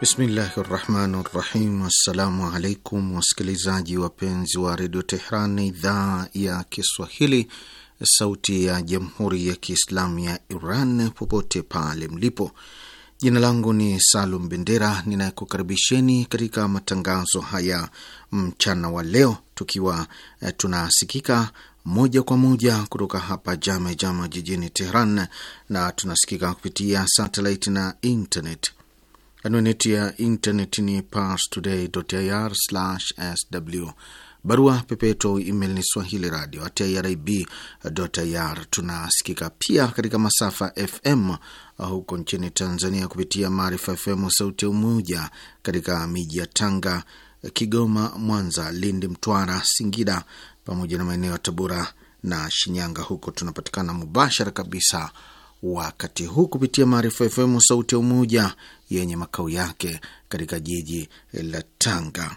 Bismillahi rahmani rahim. Assalamu alaikum wasikilizaji wapenzi wa redio Tehran, idhaa ya Kiswahili, sauti ya jamhuri ya Kiislamu ya Iran, popote pale mlipo. Jina langu ni Salum Bendera ninayekukaribisheni katika matangazo haya mchana wa leo, tukiwa eh, tunasikika moja kwa moja kutoka hapa jamejama Jama jijini Tehran, na tunasikika kupitia satelit na internet. Anwani ya intaneti ni parstoday.ir/sw. Barua pepeto email ni swahili radio at irib.ir. Tunasikika pia katika masafa FM huko nchini Tanzania kupitia Maarifa FM Sauti ya Umoja katika miji ya Tanga, Kigoma, Mwanza, Lindi, Mtwara, Singida pamoja na maeneo ya Tabora na Shinyanga. Huko tunapatikana mubashara kabisa wakati huu kupitia Maarifa FM sauti ya Umoja yenye makao yake katika jiji la Tanga.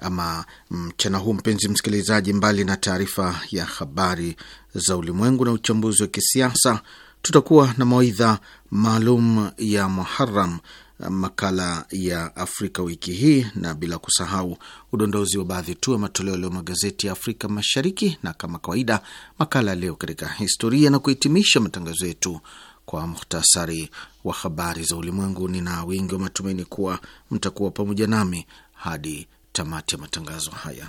Ama mchana huu, mpenzi msikilizaji, mbali na taarifa ya habari za ulimwengu na uchambuzi wa kisiasa, tutakuwa na mawaidha maalum ya muharam makala ya Afrika wiki hii na bila kusahau udondozi wa baadhi tu ya matoleo leo magazeti ya Afrika Mashariki, na kama kawaida makala leo katika historia, na kuhitimisha matangazo yetu kwa muhtasari wa habari za ulimwengu. Nina wingi wa matumaini kuwa mtakuwa pamoja nami hadi tamati ya matangazo haya.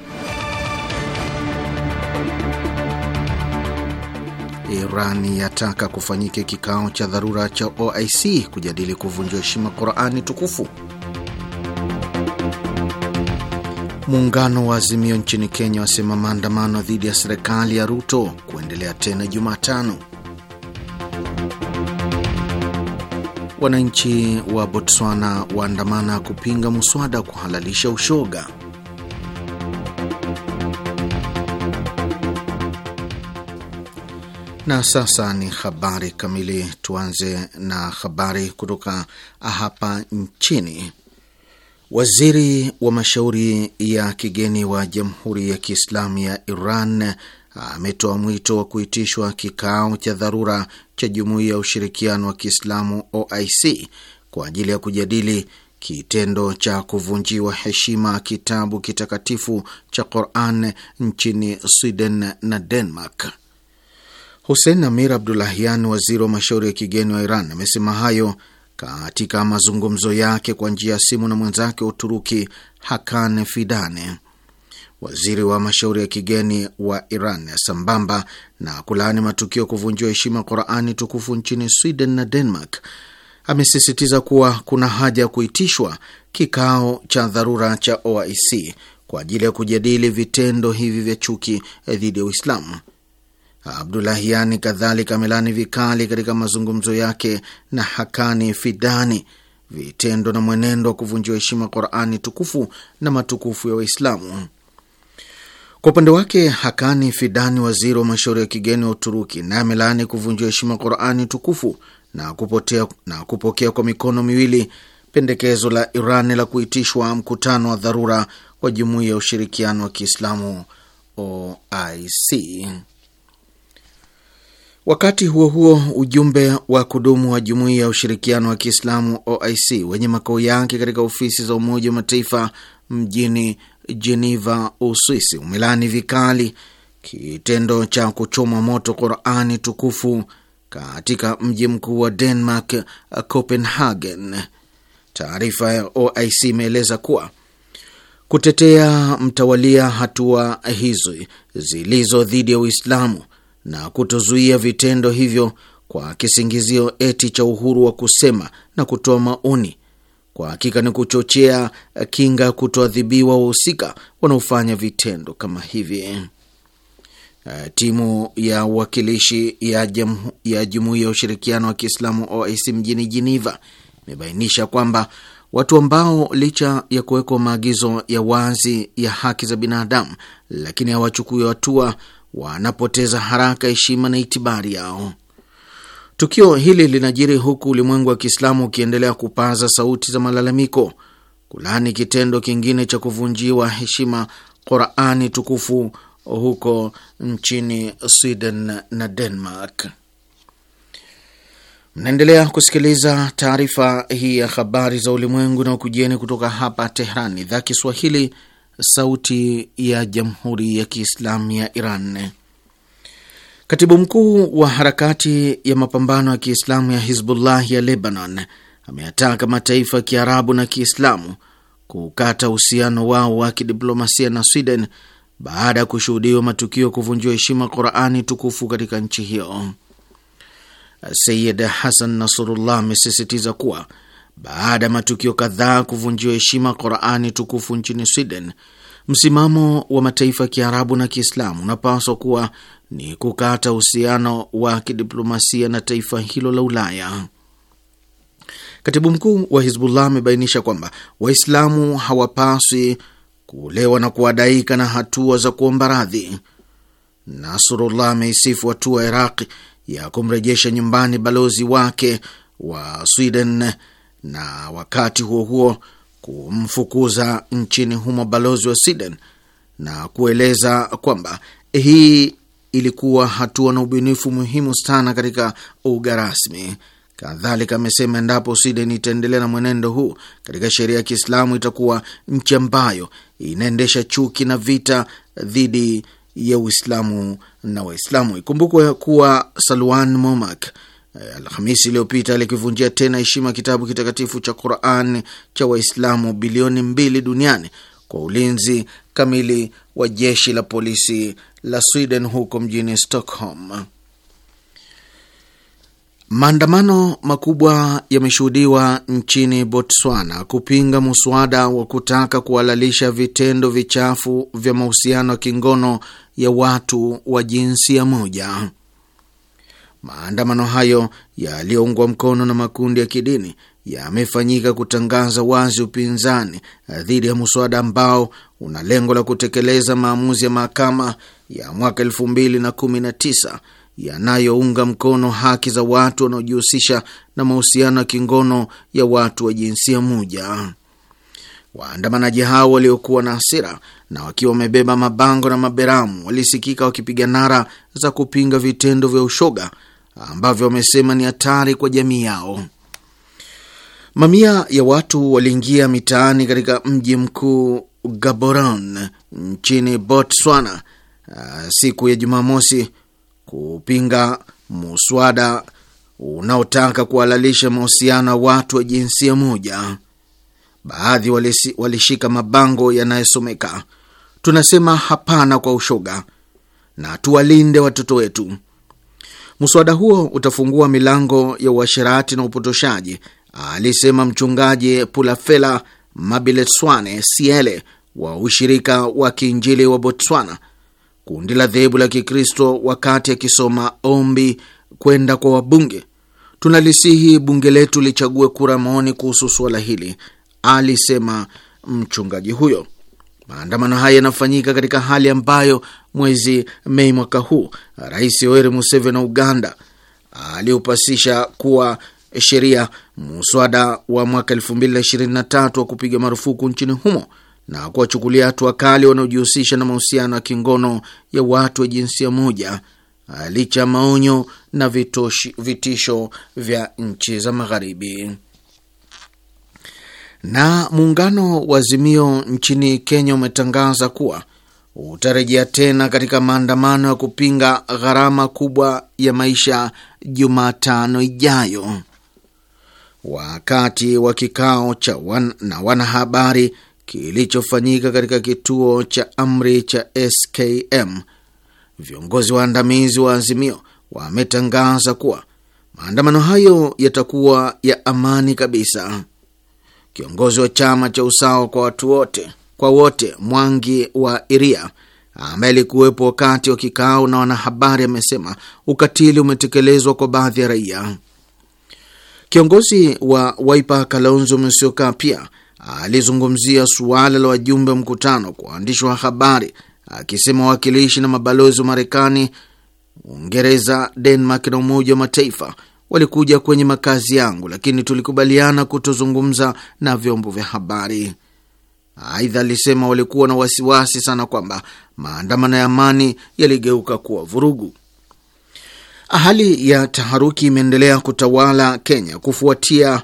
Iran yataka kufanyike kikao cha dharura cha OIC kujadili kuvunjwa heshima Qurani tukufu. Muungano wa Azimio nchini Kenya wasema maandamano dhidi ya serikali ya Ruto kuendelea tena Jumatano. Wananchi wa Botswana waandamana kupinga muswada kuhalalisha ushoga. Na sasa ni habari kamili. Tuanze na habari kutoka hapa nchini. Waziri wa mashauri ya kigeni wa Jamhuri ya Kiislamu ya Iran ametoa mwito wa kuitishwa kikao cha dharura cha Jumuiya ya Ushirikiano wa Kiislamu OIC kwa ajili ya kujadili kitendo cha kuvunjiwa heshima kitabu kitakatifu cha Quran nchini Sweden na Denmark. Hussein Amir Abdulahian, waziri wa mashauri ya kigeni wa Iran, amesema hayo katika mazungumzo yake kwa njia ya simu na mwenzake wa Uturuki Hakan Fidane, waziri wa mashauri ya kigeni wa Iran, sambamba na kulaani matukio ya kuvunjiwa heshima Qurani tukufu nchini Sweden na Denmark. Amesisitiza kuwa kuna haja ya kuitishwa kikao cha dharura cha OIC kwa ajili ya kujadili vitendo hivi vya chuki dhidi ya Uislamu. Abdulahiani kadhalika amelani vikali katika mazungumzo yake na Hakani Fidani vitendo na mwenendo wa kuvunjiwa heshima Qurani tukufu na matukufu ya Waislamu. Kwa upande wake, Hakani Fidani, waziri wa mashauri ya kigeni wa Uturuki, naye amelaani kuvunjiwa heshima Qurani tukufu na kupotea, na kupokea kwa mikono miwili pendekezo la Iran la kuitishwa mkutano wa dharura wa Jumuiya ya Ushirikiano wa Kiislamu OIC. Wakati huo huo, ujumbe wa kudumu wa Jumuiya ya Ushirikiano wa Kiislamu OIC wenye makao yake katika ofisi za Umoja wa Mataifa mjini Geneva, Uswisi umelani vikali kitendo cha kuchoma moto Qurani tukufu katika mji mkuu wa Denmark, Copenhagen. Taarifa ya OIC imeeleza kuwa kutetea mtawalia hatua hizo zilizo dhidi ya Uislamu na kutozuia vitendo hivyo kwa kisingizio eti cha uhuru wa kusema na kutoa maoni, kwa hakika ni kuchochea kinga kutoadhibiwa wahusika wanaofanya vitendo kama hivi. Eh, timu ya uwakilishi ya Jumuiya Jamu ya Ushirikiano wa Kiislamu OIC mjini Jiniva imebainisha kwamba watu ambao licha ya kuwekwa maagizo ya wazi ya haki za binadamu, lakini hawachukui hatua wanapoteza haraka heshima na itibari yao. Tukio hili linajiri huku ulimwengu wa Kiislamu ukiendelea kupaza sauti za malalamiko kulani kitendo kingine cha kuvunjiwa heshima Qurani tukufu huko nchini Sweden na Denmark. Mnaendelea kusikiliza taarifa hii ya habari za ulimwengu na ukujieni kutoka hapa Tehrani, idhaa Kiswahili, Sauti ya Jamhuri ya Kiislamu ya Iran. Katibu mkuu wa harakati ya mapambano ya Kiislamu ya Hizbullah ya Lebanon ameyataka mataifa ya Kiarabu na Kiislamu kukata uhusiano wao wa kidiplomasia na Sweden baada ya kushuhudiwa matukio kuvunjiwa heshima Qurani tukufu katika nchi hiyo. Sayid Hasan Nasrullah amesisitiza kuwa baada ya matukio kadhaa kuvunjiwa heshima Qurani tukufu nchini Sweden, msimamo wa mataifa ya Kiarabu na Kiislamu unapaswa kuwa ni kukata uhusiano wa kidiplomasia na taifa hilo la Ulaya. Katibu mkuu wa Hizbullah amebainisha kwamba Waislamu hawapaswi kulewa na kuadaika na hatua za kuomba radhi. Nasrullah ameisifu hatua Iraq ya kumrejesha nyumbani balozi wake wa Sweden na wakati huo huo kumfukuza nchini humo balozi wa Sweden na kueleza kwamba hii ilikuwa hatua na ubunifu muhimu sana katika uga rasmi. Kadhalika amesema endapo Sweden itaendelea na mwenendo huu katika sheria ya Kiislamu, itakuwa nchi ambayo inaendesha chuki na vita dhidi ya Uislamu na Waislamu. Ikumbukwe kuwa Salwan Momak Eh, Alhamisi iliyopita alikivunjia tena heshima kitabu kitakatifu cha Quran cha Waislamu bilioni mbili duniani kwa ulinzi kamili wa jeshi la polisi la Sweden huko mjini Stockholm. Maandamano makubwa yameshuhudiwa nchini Botswana kupinga muswada wa kutaka kuhalalisha vitendo vichafu vya mahusiano ya kingono ya watu wa jinsia moja. Maandamano hayo yaliyoungwa mkono na makundi ya kidini yamefanyika kutangaza wazi upinzani dhidi ya mswada ambao una lengo la kutekeleza maamuzi ya mahakama ya mwaka elfu mbili na kumi na tisa yanayounga mkono haki za watu wanaojihusisha na mahusiano ya kingono ya watu wa jinsia moja. Waandamanaji hao waliokuwa na hasira na wakiwa wamebeba mabango na maberamu walisikika wakipiga nara za kupinga vitendo vya ushoga ambavyo wamesema ni hatari kwa jamii yao. Mamia ya watu waliingia mitaani katika mji mkuu Gaborone nchini Botswana uh, siku ya Jumamosi kupinga muswada unaotaka kuhalalisha mahusiano ya watu wa jinsia moja. Baadhi walishika mabango yanayosomeka tunasema hapana kwa ushoga na tuwalinde watoto wetu. Mswada huo utafungua milango ya uasherati na upotoshaji, alisema mchungaji Pulafela Mabileswane Siele wa ushirika wa kiinjili wa Botswana, kundi la dhehebu la Kikristo, wakati akisoma ombi kwenda kwa wabunge. Tunalisihi bunge letu lichague kura maoni kuhusu suala hili, alisema mchungaji huyo. Maandamano haya yanafanyika katika hali ambayo mwezi Mei mwaka huu Rais Yoweri Museveni wa Uganda aliupasisha kuwa sheria muswada wa mwaka tatu wa kupiga marufuku nchini humo na kuwachukulia hatua kali wanaojihusisha na mahusiano ya kingono ya watu wa jinsia moja licha ya maonyo na vitisho vya nchi za Magharibi. Na muungano wa Azimio nchini Kenya umetangaza kuwa utarejea tena katika maandamano ya kupinga gharama kubwa ya maisha Jumatano ijayo. Wakati wa kikao cha wan, na wanahabari kilichofanyika katika kituo cha amri cha SKM, viongozi waandamizi wa Azimio wametangaza kuwa maandamano hayo yatakuwa ya amani kabisa kiongozi wa chama cha usawa kwa watu wote kwa wote Mwangi wa Iria ambaye alikuwepo wakati wa kikao na wanahabari amesema ukatili umetekelezwa kwa baadhi ya raia. Kiongozi wa Waipa Kalonzo Musyoka pia alizungumzia suala la wajumbe wa mkutano kwa waandishi wa habari akisema wawakilishi na mabalozi wa Marekani, Uingereza, Denmark na Umoja wa Mataifa walikuja kwenye makazi yangu, lakini tulikubaliana kutozungumza na vyombo vya habari. Aidha, alisema walikuwa na wasiwasi sana kwamba maandamano ya amani yaligeuka kuwa vurugu. Hali ya taharuki imeendelea kutawala Kenya kufuatia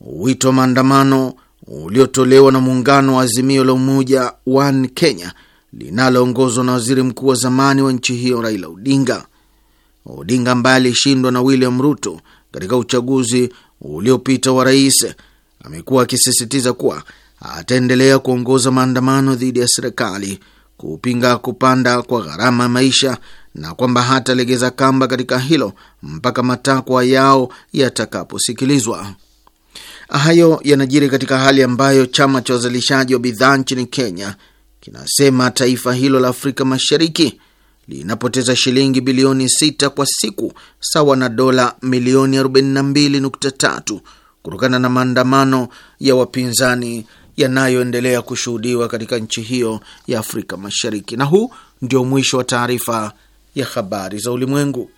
wito wa maandamano uliotolewa na muungano wa Azimio la Umoja One Kenya linaloongozwa na waziri mkuu wa zamani wa nchi hiyo Raila Odinga. Odinga ambaye alishindwa na William Ruto katika uchaguzi uliopita wa rais, amekuwa akisisitiza kuwa ataendelea kuongoza maandamano dhidi ya serikali kupinga kupanda kwa gharama ya maisha na kwamba hatalegeza kamba katika hilo mpaka matakwa yao yatakaposikilizwa. Hayo yanajiri katika hali ambayo chama cha wazalishaji wa bidhaa nchini Kenya kinasema taifa hilo la Afrika Mashariki linapoteza shilingi bilioni 6 kwa siku sawa na dola milioni 42.3 kutokana na maandamano ya wapinzani yanayoendelea kushuhudiwa katika nchi hiyo ya Afrika Mashariki. Na huu ndio mwisho wa taarifa ya habari za ulimwengu.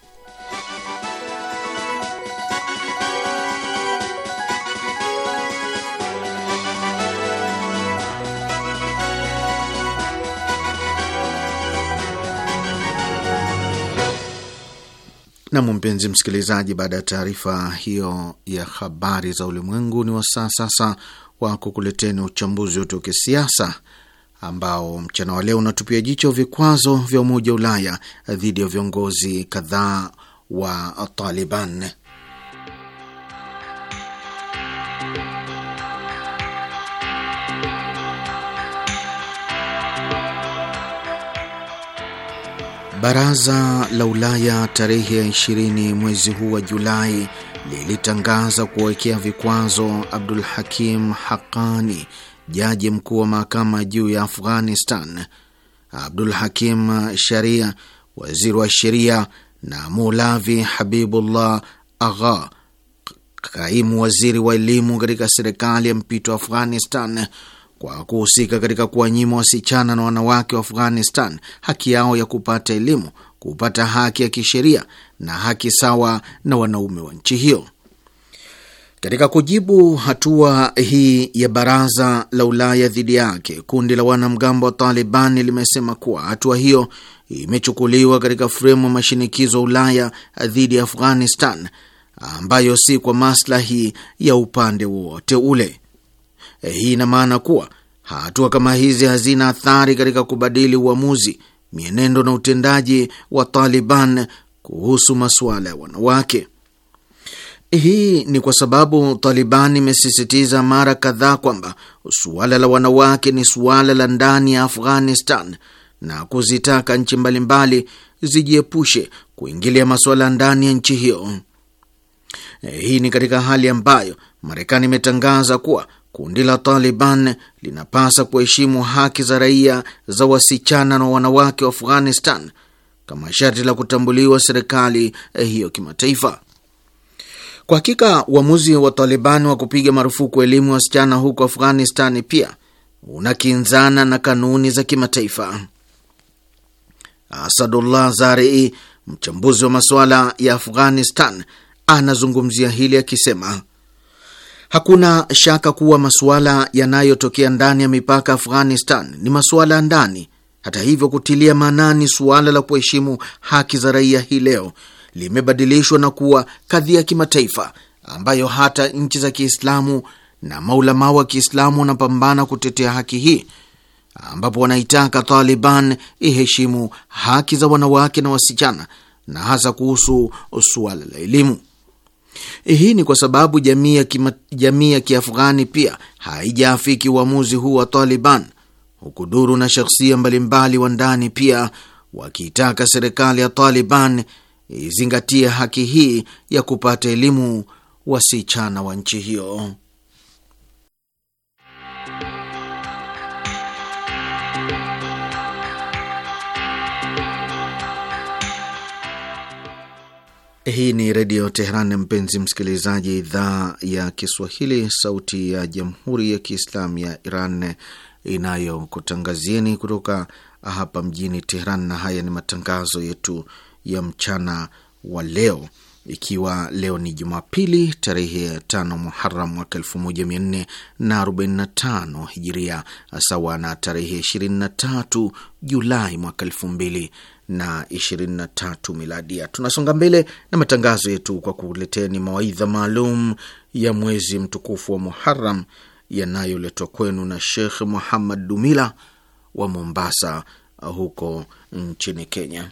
Nam, mpenzi msikilizaji, baada ya taarifa hiyo ya habari za ulimwengu, ni wasaa sasa wa kukuleteni uchambuzi wetu wa kisiasa ambao mchana wa leo unatupia jicho vikwazo vya Umoja wa Ulaya dhidi ya viongozi kadhaa wa Taliban. Baraza la Ulaya tarehe ya 20 mwezi huu wa Julai lilitangaza kuwekea vikwazo Abdul Hakim Hakani, jaji mkuu wa mahakama juu ya Afghanistan, Abdul Hakim Sharia, waziri wa sheria, na Mulavi Habibullah Agha, kaimu waziri wa elimu katika serikali ya mpito wa Afghanistan kwa kuhusika katika kuwanyima wasichana na wanawake wa Afghanistan haki yao ya kupata elimu, kupata haki ya kisheria na haki sawa na wanaume wa nchi hiyo. Katika kujibu hatua hii ya Baraza la Ulaya dhidi yake, kundi la wanamgambo wa Talibani limesema kuwa hatua hiyo imechukuliwa katika fremu ya mashinikizo Ulaya dhidi ya Afghanistan ambayo si kwa maslahi ya upande wowote ule. Eh, hii ina maana kuwa hatua kama hizi hazina athari katika kubadili uamuzi, mienendo na utendaji wa Taliban kuhusu masuala ya wanawake. Hii ni kwa sababu Taliban imesisitiza mara kadhaa kwamba suala la wanawake ni suala la ndani ya Afghanistan na kuzitaka nchi mbalimbali zijiepushe kuingilia masuala ndani ya nchi hiyo. Eh, hii ni katika hali ambayo Marekani imetangaza kuwa Kundi la Taliban linapasa kuheshimu haki za raia za wasichana na wanawake wa Afghanistan kama sharti la kutambuliwa serikali eh, hiyo kimataifa. Kwa hakika uamuzi wa Taliban wa kupiga marufuku elimu ya wasichana huko Afghanistan pia unakinzana na kanuni za kimataifa. Asadullah Zarii, mchambuzi wa masuala ya Afghanistan, anazungumzia hili akisema Hakuna shaka kuwa masuala yanayotokea ndani ya mipaka Afghanistan ni masuala ya ndani. Hata hivyo, kutilia maanani suala la kuheshimu haki za raia hii leo limebadilishwa na kuwa kadhia ya kimataifa ambayo hata nchi za Kiislamu na maulamaa wa Kiislamu wanapambana kutetea haki hii, ambapo wanaitaka Taliban iheshimu haki za wanawake na wasichana na hasa kuhusu suala la elimu. Eh, hii ni kwa sababu jamii ya Kiafghani pia haijaafiki uamuzi huu wa Taliban, huku duru na shakhsia mbalimbali wa ndani pia wakiitaka serikali ya Taliban izingatie haki hii ya kupata elimu wasichana wa nchi hiyo. Hii ni Redio Teheran, mpenzi msikilizaji, idhaa ya Kiswahili, sauti ya Jamhuri ya Kiislamu ya Iran inayokutangazieni kutoka hapa mjini Teheran, na haya ni matangazo yetu ya mchana wa leo, ikiwa leo ni Jumapili tarehe ya tano Muharam mwaka elfu moja mia nne na arobaini na tano hijiria sawa na tarehe ishirini na tatu Julai mwaka elfu mbili na 23 miladia. Tunasonga mbele na matangazo yetu kwa kuleteni mawaidha maalum ya mwezi mtukufu wa Muharam yanayoletwa kwenu na Shekh Muhammad Dumila wa Mombasa huko nchini Kenya.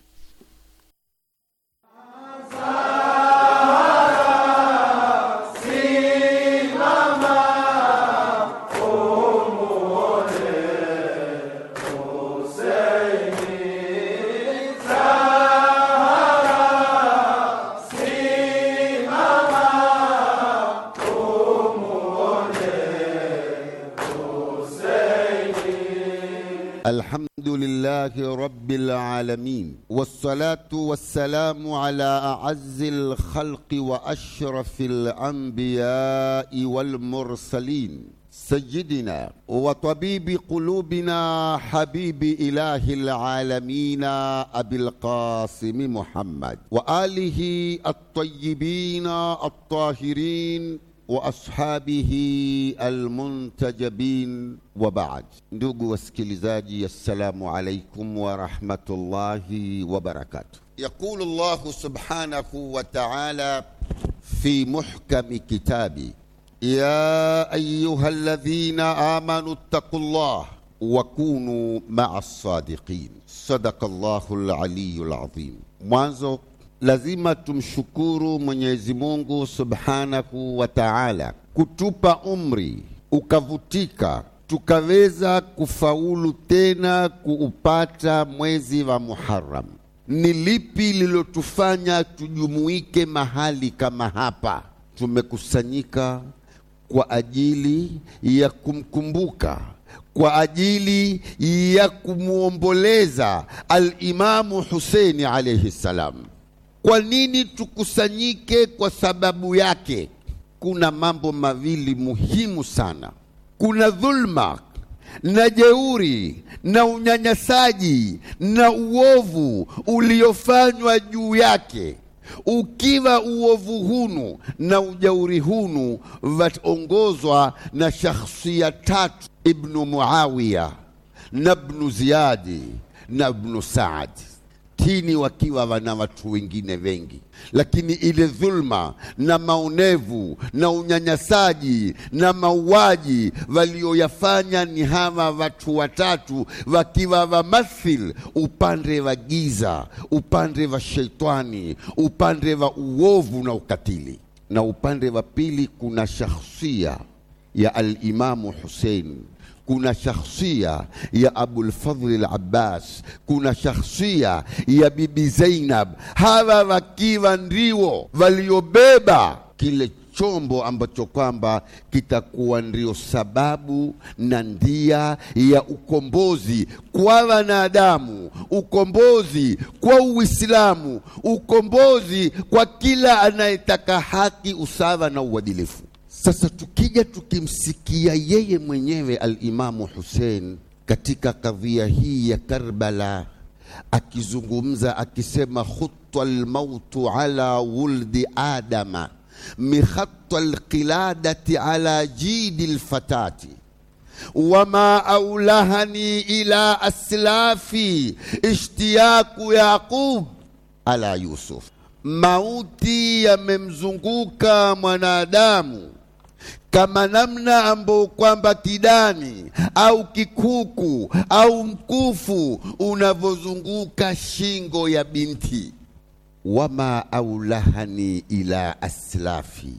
الحمد لله رب العالمين والصلاة والسلام على أعز الخلق وأشرف الأنبياء والمرسلين سيدنا وطبيب قلوبنا حبيب إله العالمين أبي القاسم محمد وآله الطيبين الطاهرين واصحابه المنتجبين وبعد ندوق واسكليزاجي السلام عليكم ورحمه الله وبركاته يقول الله سبحانه وتعالى في محكم كتابه يا ايها الذين امنوا اتقوا الله وكونوا مع الصادقين صدق الله العلي العظيم منذ lazima tumshukuru Mwenyezi Mungu Subhanahu wa Ta'ala kutupa umri ukavutika tukaweza kufaulu tena kuupata mwezi wa Muharram. Ni lipi lilotufanya tujumuike mahali kama hapa? Tumekusanyika kwa ajili ya kumkumbuka, kwa ajili ya kumwomboleza Alimamu Huseini alaihi ssalam. Kwa nini tukusanyike? Kwa sababu yake kuna mambo mawili muhimu sana. Kuna dhulma na jeuri na unyanyasaji na uovu uliofanywa juu yake. Ukiwa uovu hunu na ujauri hunu vatongozwa na shakhsia tatu, Ibnu Muawiya na Ibnu Ziyadi na Ibnu Saadi tini wakiwa wana watu wengine wengi, lakini ile dhulma na maonevu na unyanyasaji na mauaji walioyafanya ni hawa watu watatu, wakiwa wamathil upande wa giza, upande wa sheitani, upande wa uovu na ukatili. Na upande wa pili kuna shakhsia ya alimamu Husein kuna shakhsia ya Abulfadhli Labbas, kuna shakhsia ya Bibi Zainab. Hawa wakiwa ndio waliobeba kile chombo ambacho kwamba kitakuwa ndio sababu na ndia ya ukombozi kwa wanadamu, ukombozi kwa Uislamu, ukombozi kwa kila anayetaka haki, usawa na uadilifu. Sasa tukija tukimsikia yeye mwenyewe Alimamu Hussein katika kadhia hii ya Karbala akizungumza akisema, khutwa lmautu ala wuldi adama mikhatta lqiladati ala jidi lfatati wama aulahani ila aslafi ishtiyaku yaqub ala yusuf. Mauti yamemzunguka mwanadamu kama namna ambao kwamba kidani au kikuku au mkufu unavyozunguka shingo ya binti. Wama aulahani ila aslafi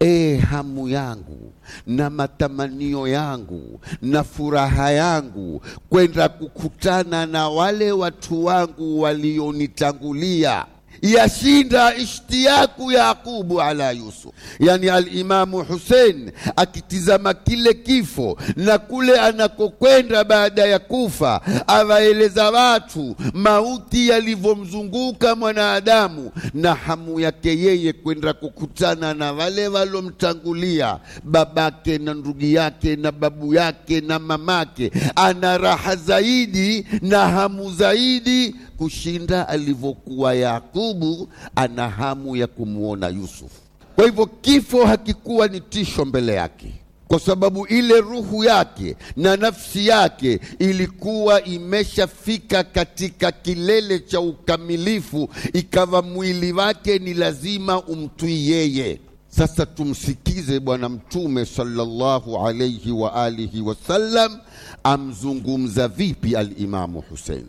E, hamu yangu na matamanio yangu na furaha yangu kwenda kukutana na wale watu wangu walionitangulia yashinda ishtiyaku Yaqubu ala Yusuf. Yani Alimamu Husein akitizama kile kifo na kule anakokwenda baada ya kufa, awaeleza watu mauti yalivyomzunguka mwanadamu na hamu yake yeye kwenda kukutana na wale walomtangulia, babake na ndugu yake na babu yake na mamake. Ana raha zaidi na hamu zaidi kushinda alivyokuwa Yaqubu. Yakubu ana hamu ya kumwona Yusuf. Kwa hivyo kifo hakikuwa ni tisho mbele yake, kwa sababu ile ruhu yake na nafsi yake ilikuwa imeshafika katika kilele cha ukamilifu, ikawa mwili wake ni lazima umtwii yeye. Sasa tumsikize Bwana Mtume sallallahu alayhi wa alihi wasallam amzungumza vipi alimamu Husein.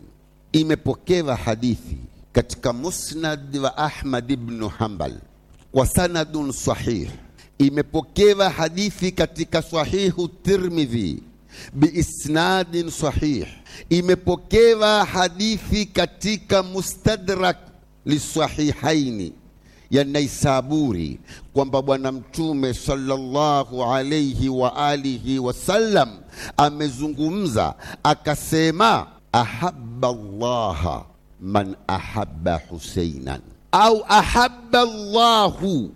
Imepokewa hadithi katika Musnad wa Ahmad ibn Hanbal wa sanadun sahih, imepokewa hadithi katika Sahihu Tirmidhi biisnadin sahih, imepokewa hadithi katika Mustadrak lisahihaini ya Naisaburi kwamba Bwana Mtume sallallahu alayhi wa alihi wasallam amezungumza akasema, ahabba llaha man ahabba husainan au ahabba llahu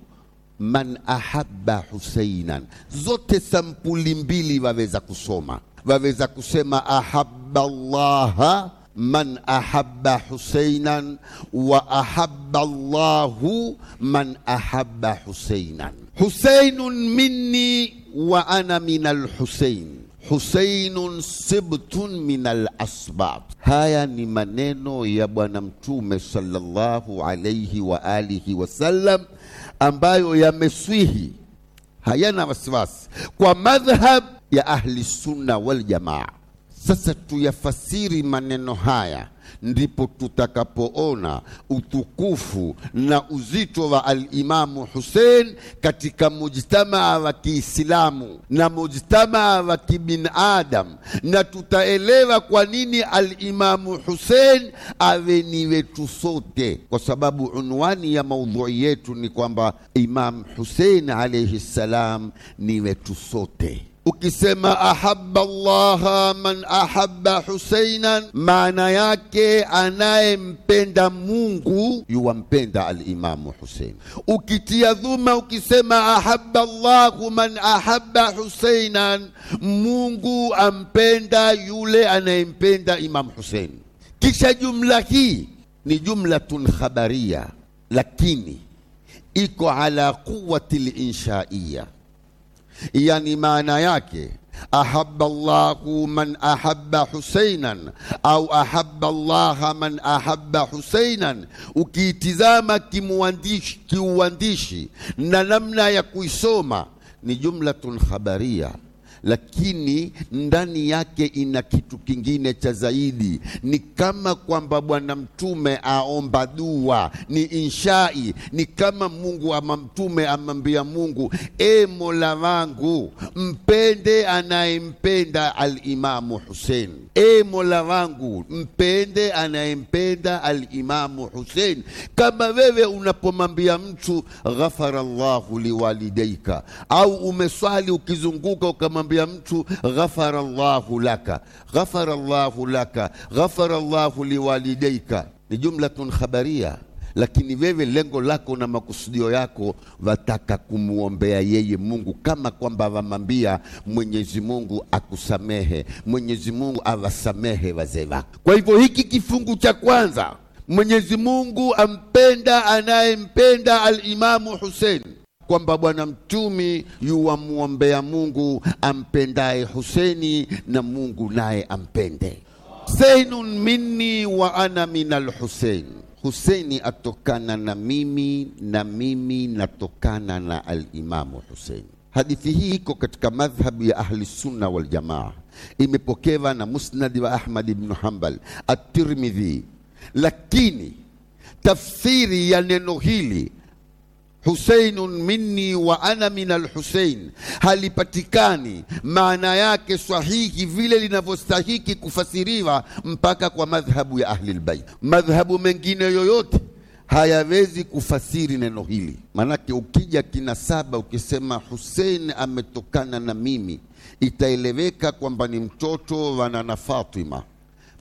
man ahabba husainan. Zote sampuli mbili waweza kusoma, waweza kusema ahabba llaha man ahabba husainan wa ahabba llahu man ahabba husainan. Husainun minni wa ana min alhusain Husainun sibtun min alasbab. Haya ni maneno ya Bwana Mtume sallallahu alayhi wa alihi wasallam, ambayo yameswihi hayana wasiwasi kwa madhhab ya ahli sunna wal jamaa. Sasa tuyafasiri maneno haya, ndipo tutakapoona utukufu na uzito wa Alimamu Hussein katika mujtamaa wa Kiislamu na mujtamaa wa kibinadamu, na tutaelewa kwa nini Alimamu Hussein awe ni wetu sote, kwa sababu unwani ya maudhui yetu ni kwamba Imam Hussein alaihi ssalam ni wetu sote. Ukisema ahaba llaha man ahaba Husainan, maana yake anayempenda Mungu yuwampenda alimamu Husein. Ukitia dhuma ukisema ahaba llahu man ahaba Husainan, Mungu ampenda yule anayempenda imamu Husein. Kisha jumla hii ni jumlatun khabariya, lakini iko ala quwati linshaia yani maana yake ahabba llahu man ahabba huseinan au ahabba llaha man ahabba huseinan. Ukiitizama kiuandishi na namna ya kuisoma ni jumlatun khabariya lakini ndani yake ina kitu kingine cha zaidi. Ni kama kwamba Bwana Mtume aomba dua, ni inshai, ni kama Mungu ama Mtume amwambia Mungu, e Mola wangu mpende anayempenda Alimamu Husein, e Mola wangu mpende anayempenda Alimamu Husein. Kama wewe unapomwambia mtu ghafara llahu liwalideika au umeswali ukizunguka ukamwambia kumwambia mtu ghafara llahu laka, ghafara llahu laka, ghafara llahu liwalideika, ni jumlatun khabaria lakini wewe lengo lako na makusudio yako wataka kumwombea yeye Mungu, kama kwamba wamwambia Mwenyezi Mungu akusamehe, Mwenyezi Mungu awasamehe wazee wako. Kwa hivyo hiki kifungu cha kwanza, Mwenyezi Mungu ampenda anayempenda alimamu Hussein kwamba bwana mtumi yuwamwombea Mungu ampendaye Huseni na Mungu naye ampende. Huseinun minni wa ana min alhusein, Huseni atokana na mimi na mimi natokana na alimamu Husein. Hadithi hii iko katika madhhabu ya ahli sunna wal jamaa, imepokewa na musnadi wa Ahmad ibn Hanbal, at-Tirmidhi, lakini tafsiri ya neno hili Husainun minni wa ana min alhusein, halipatikani maana yake sahihi vile linavyostahiki kufasiriwa mpaka kwa madhhabu ya ahli lbait. Madhhabu mengine yoyote hayawezi kufasiri neno hili, maanake ukija kina saba ukisema Husein ametokana na mimi, itaeleweka kwamba ni mtoto wa nana Fatima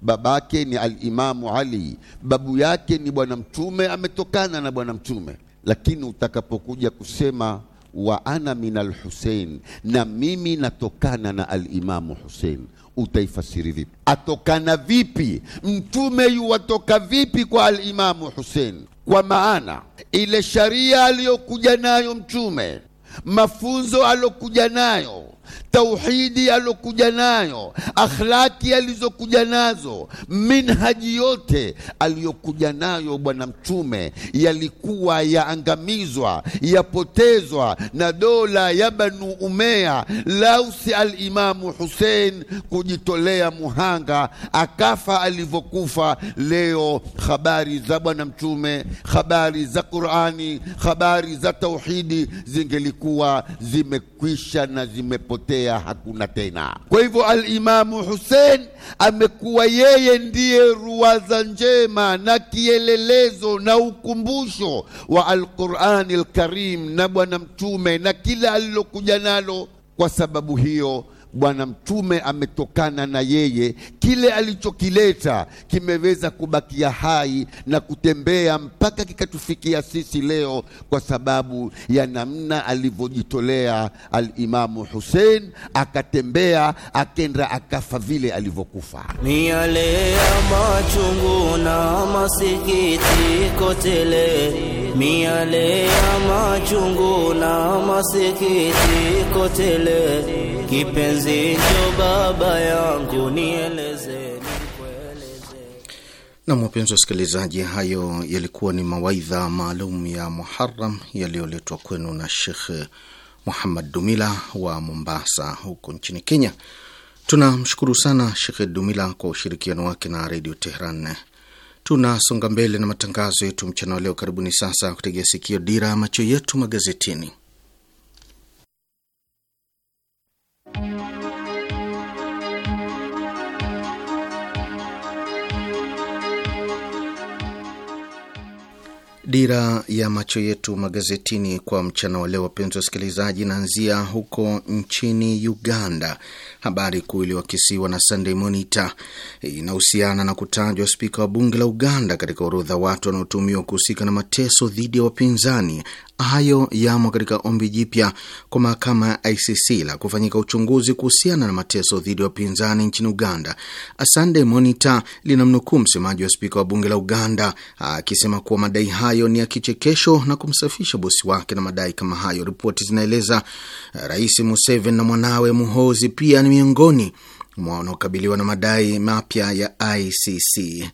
babake ni Alimamu Ali, babu yake ni Bwana Mtume, ametokana na Bwana Mtume lakini utakapokuja kusema wa ana min alhusein, na mimi natokana na alimamu Husein, utaifasiri vipi? Atokana vipi? Mtume yuwatoka vipi kwa alimamu Husein? Kwa maana ile sharia aliyokuja nayo Mtume, mafunzo aliyokuja nayo tauhidi alokuja nayo, akhlaki alizokuja nazo, minhaji yote aliyokuja nayo Bwana Mtume yalikuwa yaangamizwa, yapotezwa na dola ya Banu Umea. Lausi alimamu Husein kujitolea muhanga, akafa alivyokufa. Leo habari za Bwana Mtume, habari za Qurani, habari za tauhidi zingelikuwa zimekwisha na zimepotea kupotea hakuna tena. Kwa hivyo Alimamu Hussein amekuwa yeye ndiye ruwaza njema na kielelezo na ukumbusho wa Alqurani Lkarim na Bwana Mtume na kila alilokuja nalo. Kwa sababu hiyo Bwana Mtume ametokana na yeye, kile alichokileta kimeweza kubakia hai na kutembea mpaka kikatufikia sisi leo, kwa sababu ya namna alivyojitolea Alimamu Hussein, akatembea akenda akafa vile alivyokufa. Miale ya machungu na masikitiko tele, miale ya machungu na masikitiko tele, kipenzi ndio baba yangu nieleze na wapenzi wasikilizaji, hayo yalikuwa ni mawaidha maalum ya Muharam yaliyoletwa kwenu na Shekh Muhammad Dumila wa Mombasa huko nchini Kenya. Tunamshukuru sana Shekh Dumila kwa ushirikiano wake na Redio Tehran. Tunasonga mbele na matangazo yetu mchana wa leo. Karibuni sasa kutegea sikio dira ya macho yetu magazetini. Dira ya macho yetu magazetini kwa mchana wa leo, wapenzi wasikilizaji, inaanzia huko nchini Uganda. Habari kuu iliyoakisiwa na Sunday Monitor inahusiana na kutajwa spika wa bunge la Uganda katika orodha watu wanaotumiwa kuhusika na mateso dhidi ya wapinzani Hayo yamo katika ombi jipya kwa mahakama ya ICC la kufanyika uchunguzi kuhusiana na mateso dhidi ya wapinzani nchini Uganda. Sunday Monitor linamnukuu msemaji wa spika wa bunge la Uganda akisema kuwa madai hayo ni ya kichekesho na kumsafisha bosi wake na madai kama hayo. Ripoti zinaeleza Rais Museveni na mwanawe Muhozi pia ni miongoni mwa wanaokabiliwa na madai mapya ya ICC.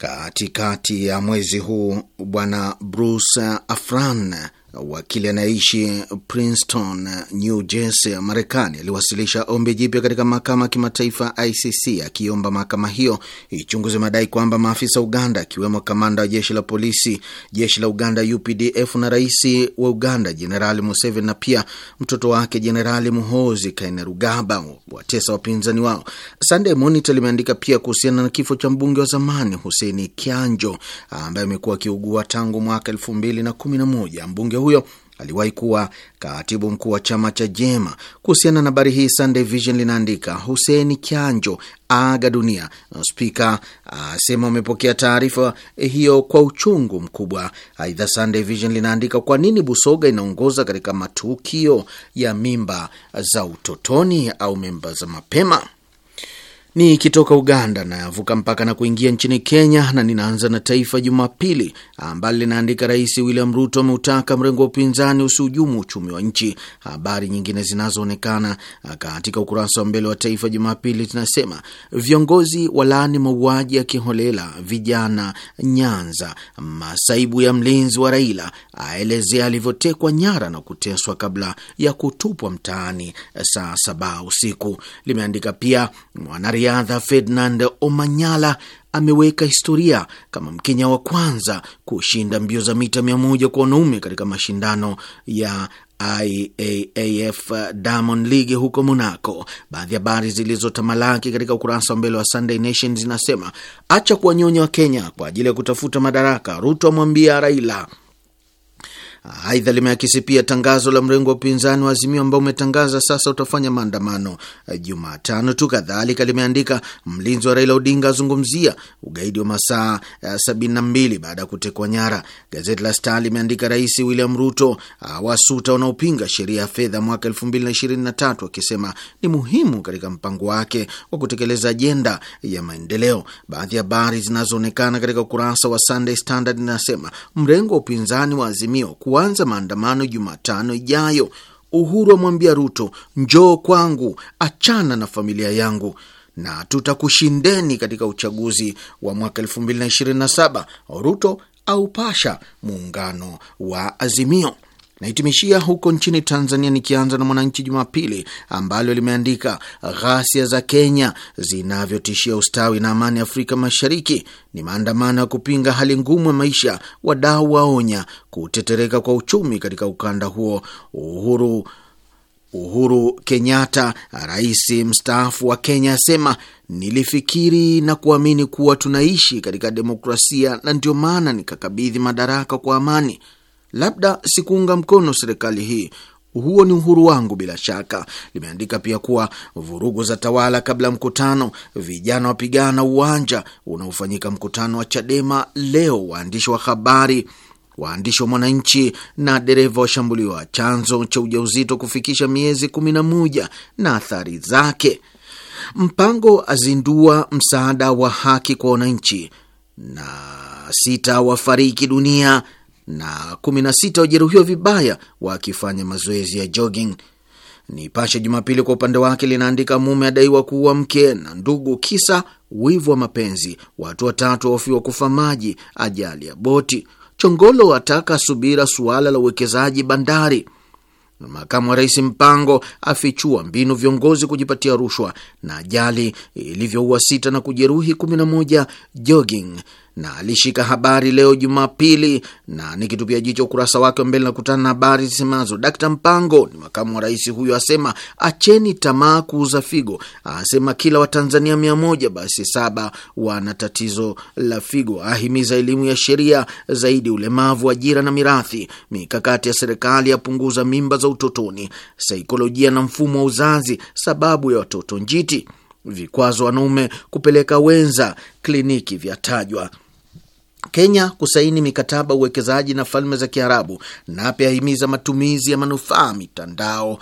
Katikati ya mwezi huu Bwana Bruce Afran wakili anayeishi Princeton, New Jersey, Marekani, aliwasilisha ombi jipya katika mahakama ya kimataifa ICC akiomba mahakama hiyo ichunguze madai kwamba maafisa Uganda akiwemo kamanda wa jeshi la polisi, jeshi la Uganda UPDF na rais wa Uganda Jenerali Museveni na pia mtoto wake Jenerali Muhozi Kainerugaba watesa wapinzani wao. Sunday Monitor limeandika pia kuhusiana na kifo cha mbunge wa zamani Huseni Kianjo ambaye amekuwa akiugua tangu mwaka elfu mbili na kumi na moja. Mbunge huyo aliwahi kuwa katibu mkuu wa chama cha Jema. Kuhusiana na habari hii, Sunday Vision linaandika Huseni Kyanjo aga dunia. Spika asema wamepokea taarifa hiyo kwa uchungu mkubwa. Aidha, Sunday Vision linaandika kwa nini Busoga inaongoza katika matukio ya mimba za utotoni au mimba za mapema. Nikitoka Uganda navuka mpaka na kuingia nchini Kenya, na ninaanza na Taifa Jumapili ambalo linaandika Rais William Ruto ameutaka mrengo wa upinzani usihujumu uchumi wa nchi. Habari nyingine zinazoonekana ah, katika ukurasa wa mbele wa Taifa Jumapili zinasema viongozi walaani mauaji ya kiholela vijana Nyanza, masaibu ya mlinzi wa Raila aelezea alivyotekwa nyara na kuteswa kabla ya kutupwa mtaani eh, saa saba usiku. Limeandika pia Mwanariadha Ferdinand Omanyala ameweka historia kama Mkenya wa kwanza kushinda mbio za mita mia moja kwa wanaume katika mashindano ya IAAF Diamond League huko Monaco. Baadhi ya habari zilizotamalaki katika ukurasa wa mbele wa Sunday Nation zinasema acha kuwanyonya wa kenya kwa ajili ya kutafuta madaraka, Ruto amwambia Raila Aidha, limeakisi pia tangazo la mrengo wa upinzani wa Azimio ambao umetangaza sasa utafanya maandamano eh, Jumatano tu. Kadhalika limeandika mlinzi wa Raila Odinga azungumzia ugaidi wa masaa eh, sabini na mbili baada ya kutekwa nyara. Gazeti la Star limeandika Rais William Ruto awasuta wanaopinga sheria ya fedha mwaka elfu mbili na ishirini na tatu akisema ni muhimu katika mpango wake wa kutekeleza ajenda ya maendeleo. Baadhi ya habari zinazoonekana katika ukurasa wa Sunday Standard inasema mrengo wa upinzani wa Azimio kuanza maandamano Jumatano ijayo. Uhuru amwambia Ruto, njoo kwangu, achana na familia yangu na tutakushindeni katika uchaguzi wa mwaka saba. Ruto aupasha muungano wa Azimio. Nahitimishia huko nchini Tanzania, nikianza na Mwananchi Jumapili ambalo limeandika ghasia za Kenya zinavyotishia ustawi na amani Afrika Mashariki. Ni maandamano ya kupinga hali ngumu ya maisha, wadau waonya kutetereka kwa uchumi katika ukanda huo. Uhuru Uhuru Kenyatta, rais mstaafu wa Kenya, asema nilifikiri na kuamini kuwa tunaishi katika demokrasia na ndio maana nikakabidhi madaraka kwa amani labda sikuunga mkono serikali hii. Huo ni uhuru wangu bila shaka. Limeandika pia kuwa vurugu za tawala kabla ya mkutano, vijana wapigana uwanja unaofanyika mkutano wa Chadema leo, waandishi wa habari waandishi wa Mwananchi na dereva washambuliwa, chanzo cha ujauzito kufikisha miezi kumi na moja na athari zake, Mpango azindua msaada wa haki kwa wananchi, na sita wafariki dunia na 16 wajeruhiwa vibaya wakifanya mazoezi ya jogging. Nipashe Jumapili kwa upande wake linaandika mume adaiwa kuua mke na ndugu, kisa wivu wa mapenzi. Watu watatu wahofiwa kufa maji ajali ya boti. Chongolo ataka subira suala la uwekezaji bandari. Makamu wa rais Mpango afichua mbinu viongozi kujipatia rushwa, na ajali ilivyoua sita na kujeruhi kumi na moja jogging na alishika habari leo Jumapili, na nikitupia jicho ukurasa wake wa mbele nakutana na habari zisemazo: Dkt Mpango ni makamu wa rais huyo asema acheni tamaa kuuza figo, asema kila Watanzania mia moja basi saba wana tatizo la figo, ahimiza elimu ya sheria zaidi, ulemavu, ajira na mirathi, mikakati ya serikali yapunguza mimba za utotoni, saikolojia na mfumo wa uzazi, sababu ya watoto njiti Vikwazo wanaume kupeleka wenza kliniki vyatajwa. Kenya kusaini mikataba uwekezaji na Falme za Kiarabu. Nape ahimiza matumizi ya manufaa mitandao.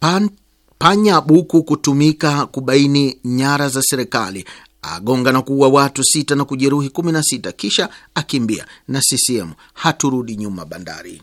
Pan, panya buku kutumika kubaini nyara za serikali. Agonga na kuua watu sita na kujeruhi kumi na sita kisha akimbia. Na CCM haturudi nyuma bandari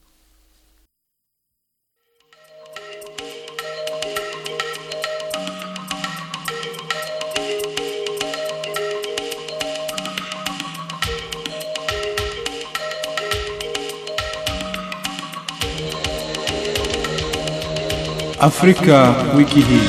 Afrika wiki hii.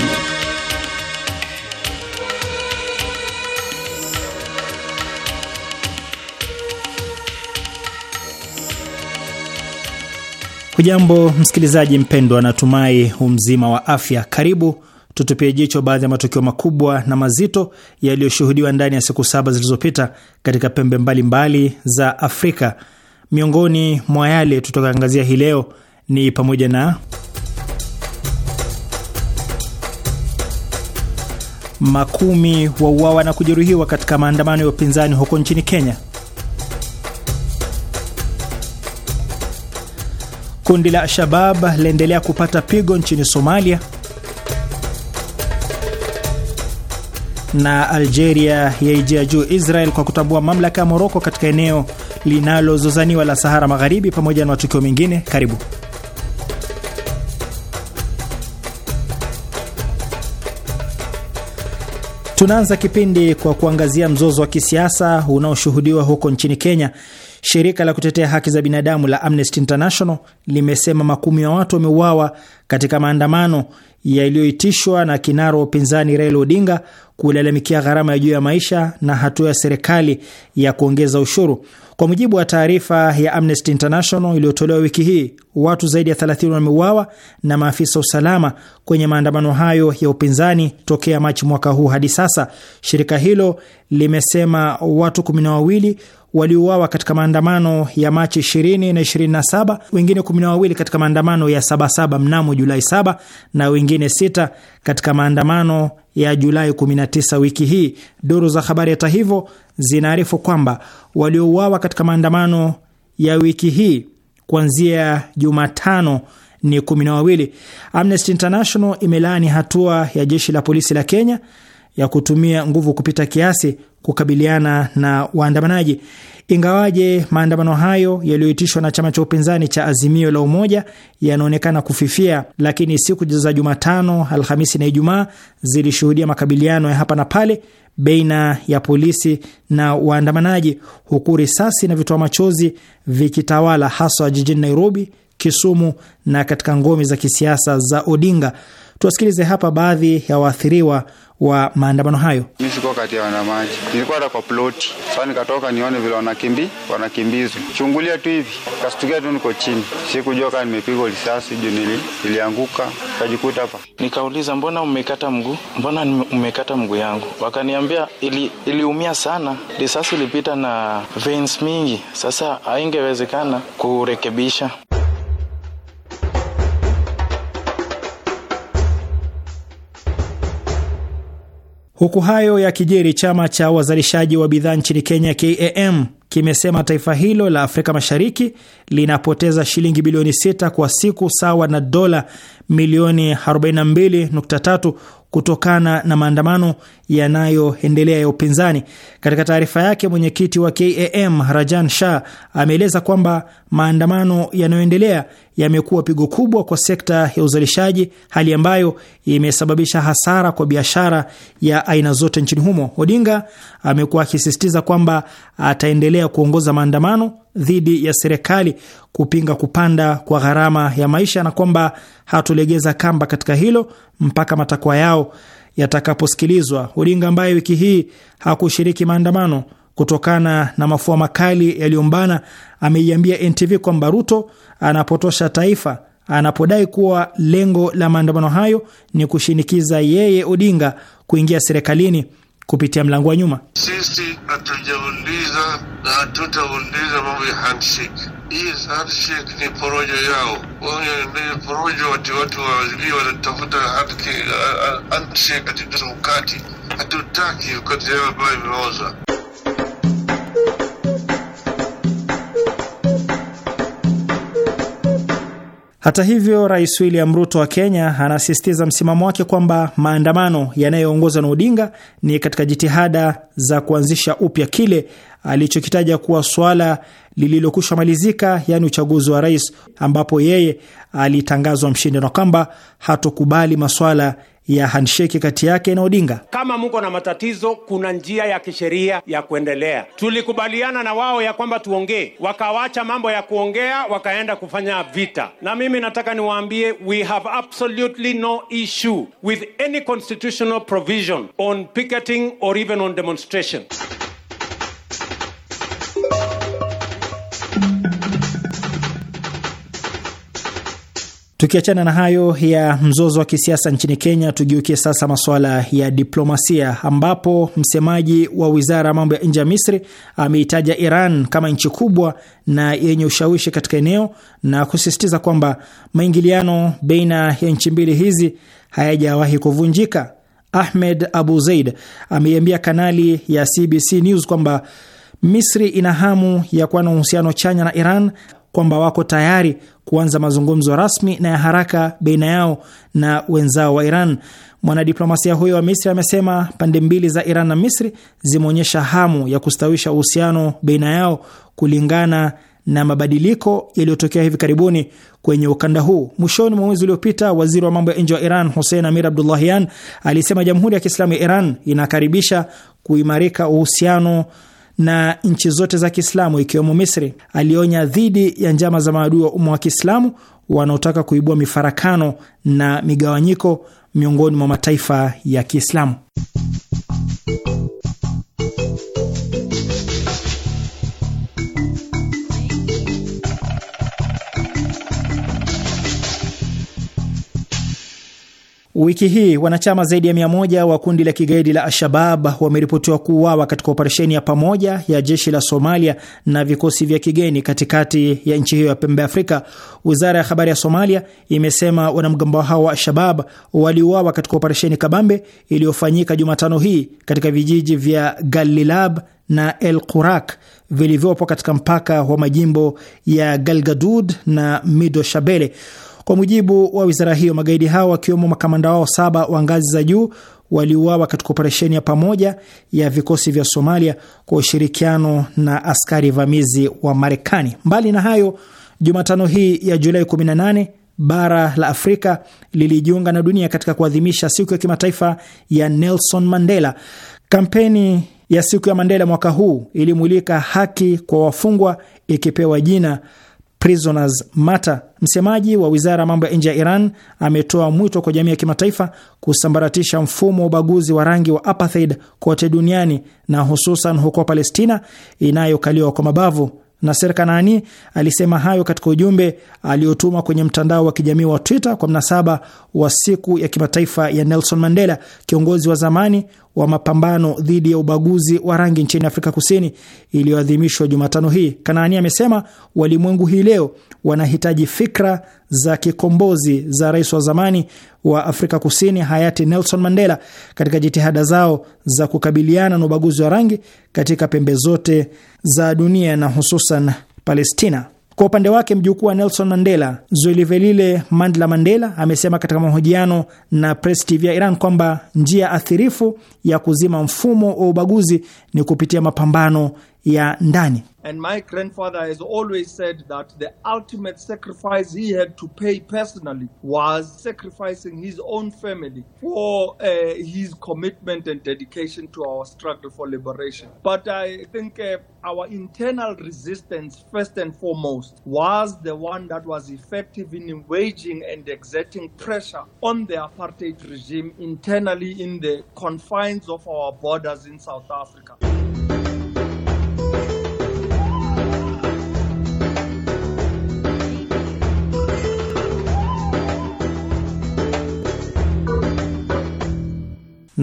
Hujambo msikilizaji mpendwa, natumai umzima wa afya. Karibu tutupie jicho baadhi ya matukio makubwa na mazito yaliyoshuhudiwa ndani ya siku saba zilizopita katika pembe mbalimbali mbali za Afrika. Miongoni mwa yale tutakaangazia hii leo ni pamoja na makumi wauawa na kujeruhiwa katika maandamano ya upinzani huko nchini Kenya. Kundi la Al-Shabab laendelea kupata pigo nchini Somalia, na Algeria yaijia juu Israel kwa kutambua mamlaka ya Moroko katika eneo linalozozaniwa la Sahara Magharibi, pamoja na matukio mengine. Karibu. Tunaanza kipindi kwa kuangazia mzozo wa kisiasa unaoshuhudiwa huko nchini Kenya. Shirika la kutetea haki za binadamu la Amnesty International limesema makumi ya watu wameuawa katika maandamano yaliyoitishwa na kinara wa upinzani Raila Odinga kulalamikia gharama ya juu ya maisha na hatua ya serikali ya kuongeza ushuru. Kwa mujibu wa taarifa ya Amnesty International iliyotolewa wiki hii, watu zaidi ya 30 wameuawa na maafisa usalama kwenye maandamano hayo ya upinzani tokea Machi mwaka huu hadi sasa. Shirika hilo limesema watu kumi na wawili waliouawa katika maandamano ya Machi 20 na 27, wengine 12 katika maandamano ya Sabasaba mnamo Julai 7 na wengine 6 katika maandamano ya Julai 19 wiki hii. Duru za habari hata hivyo zinaarifu kwamba waliouawa katika maandamano ya wiki hii kuanzia Jumatano ni 12. Amnesty International imelaani hatua ya jeshi la polisi la Kenya ya kutumia nguvu kupita kiasi kukabiliana na waandamanaji. Ingawaje maandamano hayo yaliyoitishwa na chama cha upinzani cha Azimio la Umoja yanaonekana kufifia, lakini siku za Jumatano, Alhamisi na Ijumaa zilishuhudia makabiliano ya hapa na pale baina ya polisi na waandamanaji, huku risasi na vitoa machozi vikitawala haswa jijini Nairobi, Kisumu na katika ngome za kisiasa za Odinga. Tuwasikilize hapa baadhi ya waathiriwa wa maandamano hayo. Mi sikuwa kati ya waandamaji, nilikuwa hata kwa ploti. Sasa nikatoka nione vile wanakimbi wanakimbizwa, chungulia tu hivi, kastukia tu niko chini, sikujua kaa nimepigwa risasi juu nili, nilianguka kajikuta hapa. Nikauliza, mbona umekata mguu? Mbona umekata mguu yangu? Wakaniambia ili, iliumia sana, risasi ilipita na veins mingi, sasa haingewezekana kurekebisha. Huku hayo ya kijeri, chama cha wazalishaji wa bidhaa nchini Kenya KAM kimesema taifa hilo la Afrika Mashariki linapoteza shilingi bilioni 6 kwa siku sawa na dola milioni 42.3 kutokana na maandamano yanayoendelea ya upinzani. Katika taarifa yake, mwenyekiti wa KAM Rajan Shah ameeleza kwamba maandamano yanayoendelea yamekuwa pigo kubwa kwa sekta ya uzalishaji, hali ambayo imesababisha hasara kwa biashara ya aina zote nchini humo. Odinga amekuwa akisisitiza kwamba ataendelea kuongoza maandamano dhidi ya serikali kupinga kupanda kwa gharama ya maisha na kwamba hatulegeza kamba katika hilo mpaka matakwa yao yatakaposikilizwa. Odinga ambaye wiki hii hakushiriki maandamano kutokana na mafua makali yaliyombana, ameiambia NTV kwamba Ruto anapotosha taifa anapodai kuwa lengo la maandamano hayo ni kushinikiza yeye Odinga kuingia serikalini kupitia mlango wa nyuma. Sisi hatujauliza na hatutauliza mambo ya handshake. Hii handshake ni porojo yao, ni porojo wati watu wawili wanatafuta handshake mkati. Hatutaki kati yao ambayo imeoza. Hata hivyo, Rais William Ruto wa Kenya anasisitiza msimamo wake kwamba maandamano yanayoongozwa na Odinga ni katika jitihada za kuanzisha upya kile alichokitaja kuwa swala lililokwisha malizika, yaani uchaguzi wa rais, ambapo yeye alitangazwa mshindi na kwamba hatokubali maswala ya handsheki kati yake na Odinga. Kama muko na matatizo, kuna njia ya kisheria ya kuendelea. Tulikubaliana na wao ya kwamba tuongee, wakawacha mambo ya kuongea, wakaenda kufanya vita. Na mimi nataka niwaambie, we have absolutely no issue with any constitutional provision on picketing or even on demonstration. Tukiachana na hayo ya mzozo wa kisiasa nchini Kenya, tugeukie sasa masuala ya diplomasia, ambapo msemaji wa wizara ya mambo ya nje ya Misri ameitaja Iran kama nchi kubwa na yenye ushawishi katika eneo na kusisitiza kwamba maingiliano baina ya nchi mbili hizi hayajawahi kuvunjika. Ahmed Abu Zeid ameiambia kanali ya CBC News kwamba Misri ina hamu ya kuwa na uhusiano chanya na Iran kwamba wako tayari kuanza mazungumzo rasmi na ya haraka baina yao na wenzao wa Iran. Mwanadiplomasia huyo wa Misri amesema pande mbili za Iran na Misri zimeonyesha hamu ya kustawisha uhusiano baina yao kulingana na mabadiliko yaliyotokea hivi karibuni kwenye ukanda huu. Mwishoni mwa mwezi uliopita, waziri wa mambo ya nje wa Iran Hussein Amir Abdullahian alisema Jamhuri ya Kiislamu ya Iran inakaribisha kuimarika uhusiano na nchi zote za Kiislamu ikiwemo Misri. Alionya dhidi ya njama za maadui wa umma wa Kiislamu wanaotaka kuibua mifarakano na migawanyiko miongoni mwa mataifa ya Kiislamu. Wiki hii wanachama zaidi ya 1 wa kundi la kigaidi la Al-Shabab wameripotiwa kuuawa katika operesheni ya pamoja ya jeshi la Somalia na vikosi vya kigeni katikati ya nchi hiyo ya pembe Afrika. Wizara ya habari ya Somalia imesema wanamgambo hao wa Al-Shabab waliuawa katika operesheni kabambe iliyofanyika Jumatano hii katika vijiji vya Galilab na El Qurak vilivyopo katika mpaka wa majimbo ya Galgadud na Mido Shabele. Kwa mujibu wa wizara hiyo, magaidi hao wakiwemo makamanda wao saba wa ngazi za juu waliuawa katika operesheni ya pamoja ya vikosi vya Somalia kwa ushirikiano na askari vamizi wa Marekani. Mbali na hayo, Jumatano hii ya Julai 18 bara la Afrika lilijiunga na dunia katika kuadhimisha siku ya kimataifa ya Nelson Mandela. Kampeni ya siku ya Mandela mwaka huu ilimulika haki kwa wafungwa ikipewa jina Prisoners Matter. Msemaji wa wizara ya mambo ya nje ya Iran ametoa mwito kwa jamii ya kimataifa kusambaratisha mfumo wa ubaguzi wa rangi wa apartheid kote duniani na hususan huko Palestina inayokaliwa kwa mabavu. Naser Kanaani alisema hayo katika ujumbe aliotuma kwenye mtandao wa kijamii wa Twitter kwa mnasaba wa siku ya kimataifa ya Nelson Mandela, kiongozi wa zamani wa mapambano dhidi ya ubaguzi wa rangi nchini Afrika Kusini iliyoadhimishwa Jumatano hii. Kanaani amesema walimwengu hii leo wanahitaji fikra za kikombozi za rais wa zamani wa Afrika Kusini hayati Nelson Mandela katika jitihada zao za kukabiliana na ubaguzi wa rangi katika pembe zote za dunia na hususan Palestina. Kwa upande wake mjukuu wa Nelson Mandela Zwelivelile Mandla Mandela amesema katika mahojiano na Press TV ya Iran kwamba njia athirifu ya kuzima mfumo wa ubaguzi ni kupitia mapambano ya ndani. And my grandfather has always said that the ultimate sacrifice he had to pay personally was sacrificing his own family for uh, his commitment and dedication to our struggle for liberation. But I think uh, our internal resistance, first and foremost, was the one that was effective in waging and exerting pressure on the apartheid regime internally in the confines of our borders in South Africa.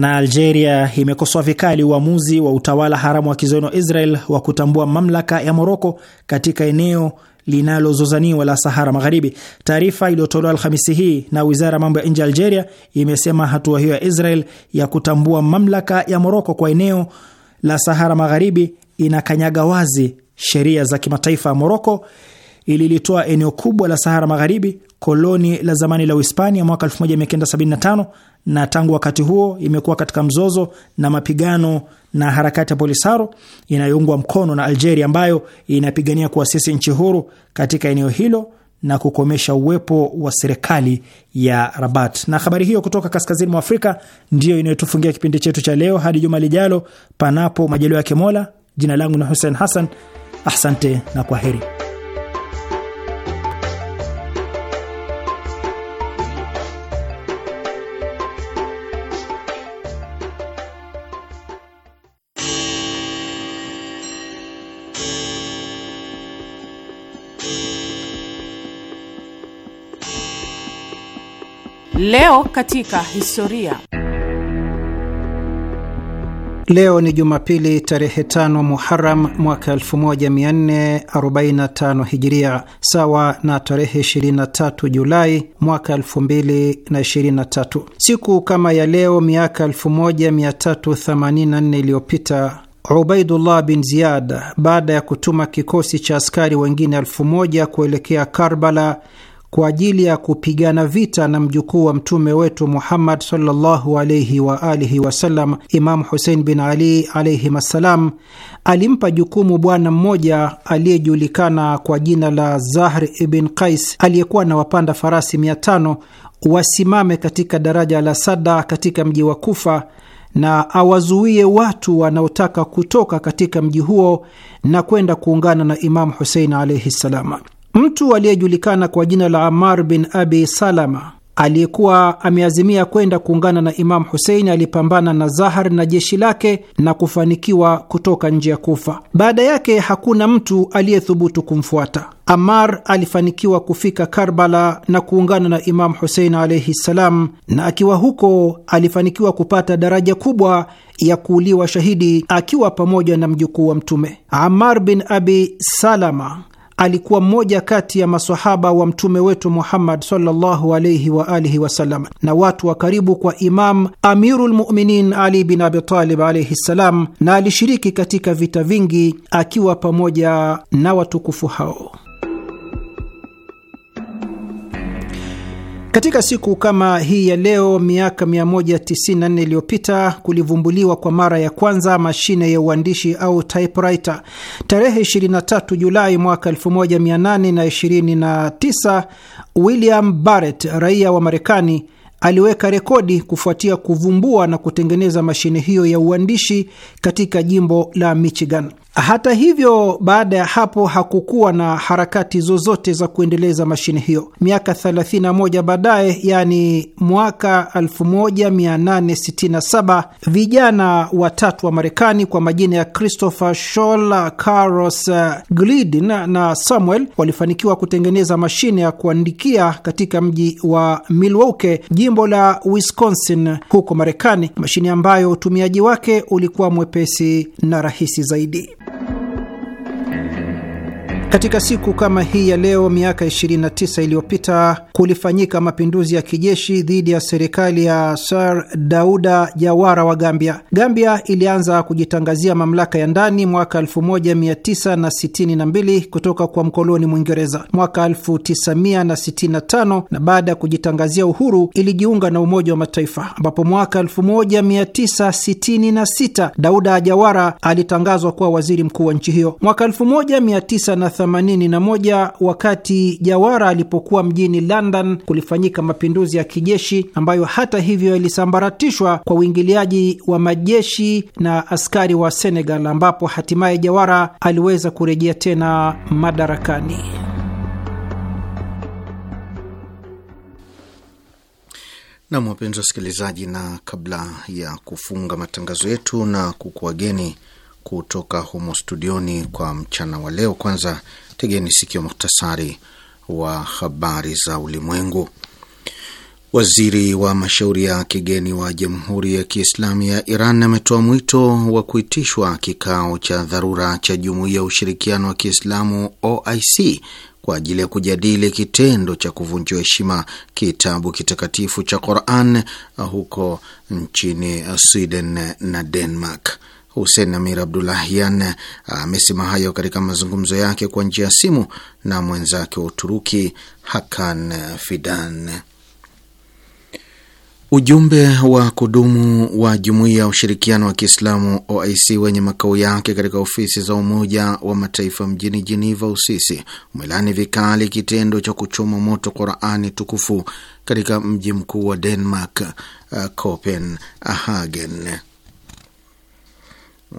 na Algeria imekosoa vikali uamuzi wa utawala haramu wa kizayuni wa Israel wa kutambua mamlaka ya Moroko katika eneo linalozozaniwa la Sahara Magharibi. Taarifa iliyotolewa Alhamisi hii na wizara ya mambo ya nje ya Algeria imesema hatua hiyo ya Israel ya kutambua mamlaka ya Moroko kwa eneo la Sahara Magharibi inakanyaga wazi sheria za kimataifa ya Moroko ililitoa eneo kubwa la Sahara Magharibi koloni la zamani la Uhispania mwaka 1975 na tangu wakati huo imekuwa katika mzozo na mapigano na harakati ya Polisaro inayoungwa mkono na Algeria ambayo inapigania kuasisi nchi huru katika eneo hilo na kukomesha uwepo wa serikali ya Rabat. Na habari hiyo kutoka kaskazini mwa Afrika ndiyo inayotufungia kipindi chetu cha leo hadi juma lijalo, panapo majaliwa yake Mola. Jina langu ni Hussein Hassan, asante na kwa heri. Leo katika historia. Leo ni Jumapili tarehe tano Muharam mwaka 1445 Hijiria, sawa na tarehe 23 Julai mwaka 2023. Siku kama ya leo miaka 1384 iliyopita Ubaidullah bin Ziyad, baada ya kutuma kikosi cha askari wengine elfu moja kuelekea Karbala kwa ajili ya kupigana vita na mjukuu wa mtume wetu Muhammad sallallahu alaihi wa alihi wasallam, Imamu Husein bin Ali alaihim assalam, alimpa jukumu bwana mmoja aliyejulikana kwa jina la Zahr ibn Qais aliyekuwa na wapanda farasi mia tano wasimame katika daraja la Sada katika mji wa Kufa na awazuie watu wanaotaka kutoka katika mji huo na kwenda kuungana na Imamu Husein alaihi ssalam. Mtu aliyejulikana kwa jina la amar bin Abi Salama aliyekuwa ameazimia kwenda kuungana na Imamu Husein alipambana na Zahar na jeshi lake na kufanikiwa kutoka nje ya Kufa. Baada yake hakuna mtu aliyethubutu kumfuata. Amar alifanikiwa kufika Karbala na kuungana na Imamu Husein alaihi ssalam, na akiwa huko alifanikiwa kupata daraja kubwa ya kuuliwa shahidi akiwa pamoja na mjukuu wa Mtume Amar bin Abi Salama alikuwa mmoja kati ya masahaba wa mtume wetu Muhammad sallallahu alaihi wa alihi wasallam na watu wa karibu kwa Imam amirulmuminin Ali bin Abitalib alaihi ssalam, na alishiriki katika vita vingi akiwa pamoja na watukufu hao. Katika siku kama hii ya leo miaka 194 iliyopita kulivumbuliwa kwa mara ya kwanza mashine ya uandishi au typewriter. Tarehe 23 Julai mwaka 1829, William Barrett raia wa Marekani aliweka rekodi kufuatia kuvumbua na kutengeneza mashine hiyo ya uandishi katika jimbo la Michigan. Hata hivyo, baada ya hapo hakukuwa na harakati zozote za kuendeleza mashine hiyo. Miaka 31 baadaye, yani mwaka 1867, vijana watatu wa Marekani kwa majina ya Christopher Scholl, Carlos Glidden na Samuel walifanikiwa kutengeneza mashine ya kuandikia katika mji wa Milwaukee, jimbo la Wisconsin huko Marekani, mashine ambayo utumiaji wake ulikuwa mwepesi na rahisi zaidi. Katika siku kama hii ya leo miaka 29 iliyopita kulifanyika mapinduzi ya kijeshi dhidi ya serikali ya Sir Dauda Jawara wa Gambia. Gambia ilianza kujitangazia mamlaka ya ndani mwaka 1962 kutoka kwa mkoloni Mwingereza. Mwaka 1965 na, na baada ya kujitangazia uhuru ilijiunga na Umoja wa Mataifa, ambapo mwaka 1966 Dauda Jawara alitangazwa kuwa waziri mkuu wa nchi hiyo. Mwaka 19 81 wakati Jawara alipokuwa mjini London kulifanyika mapinduzi ya kijeshi ambayo hata hivyo yalisambaratishwa kwa uingiliaji wa majeshi na askari wa Senegal, ambapo hatimaye Jawara aliweza kurejea tena madarakani. Nam, wapenzi wasikilizaji, na kabla ya kufunga matangazo yetu na kukuwageni kutoka humo studioni kwa mchana wa leo. Kwanza tegeni sikio muhtasari wa habari za ulimwengu. Waziri wa mashauri ya kigeni wa Jamhuri ya Kiislamu ya Iran ametoa mwito wa kuitishwa kikao cha dharura cha Jumuiya ya Ushirikiano wa Kiislamu OIC kwa ajili ya kujadili kitendo cha kuvunjiwa heshima kitabu kitakatifu cha Quran huko nchini Sweden na Denmark. Hussein Amir Abdulahian eh, amesema hayo katika mazungumzo yake kwa njia ya simu na mwenzake wa Uturuki Hakan eh, Fidan. Ujumbe wa kudumu wa Jumuiya ya Ushirikiano wa Kiislamu OIC wenye makao yake katika ofisi za Umoja wa Mataifa mjini jeneva Uswisi umelani vikali kitendo cha kuchoma moto Qurani tukufu katika mji mkuu wa Denmark, eh, Copenhagen.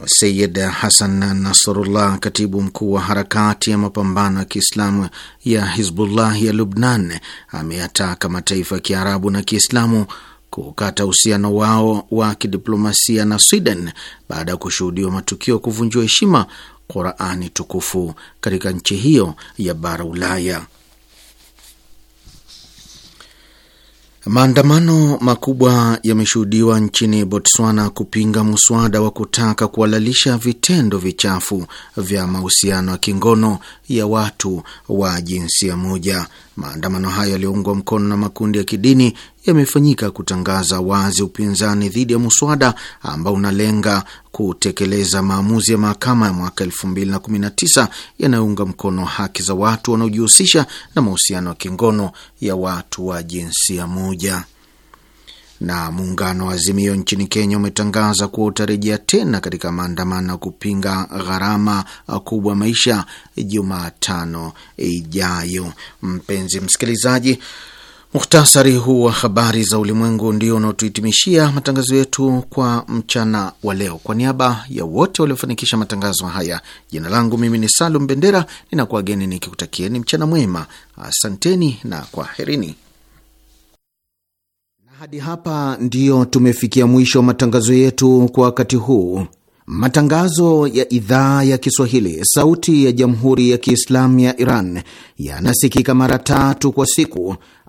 Sayid Hasan Nasrullah, katibu mkuu wa harakati ya mapambano ya Kiislamu ya Hizbullah ya Lubnan, ameyataka mataifa ya Kiarabu na Kiislamu kukata uhusiano wao wa kidiplomasia na Sweden baada ya kushuhudiwa matukio ya kuvunjiwa heshima Qurani tukufu katika nchi hiyo ya bara Ulaya. Maandamano makubwa yameshuhudiwa nchini Botswana kupinga mswada wa kutaka kuhalalisha vitendo vichafu vya mahusiano ya kingono ya watu wa jinsia moja. Maandamano hayo yaliyoungwa mkono na makundi ya kidini yamefanyika kutangaza wazi upinzani dhidi ya muswada ambao unalenga kutekeleza maamuzi ya mahakama ya mwaka tisa yanayounga mkono haki za watu wanaojihusisha na mahusiano ya kingono ya watu wa jinsia moja. Na muungano wa Azimio nchini Kenya umetangaza kuwa utarejea tena katika maandamano ya kupinga gharama kubwa maisha Jumatano ijayo. Mpenzi msikilizaji Muhtasari huu wa habari za ulimwengu ndio unaotuhitimishia matangazo yetu kwa mchana wa leo. Kwa niaba ya wote waliofanikisha matangazo haya, jina langu mimi ni Salum Bendera, ninakuwageni nikikutakieni mchana mwema. Asanteni na kwaherini. Na hadi hapa ndiyo tumefikia mwisho wa matangazo yetu kwa wakati huu. Matangazo ya idhaa ya Kiswahili sauti ya jamhuri ya Kiislamu ya Iran yanasikika mara tatu kwa siku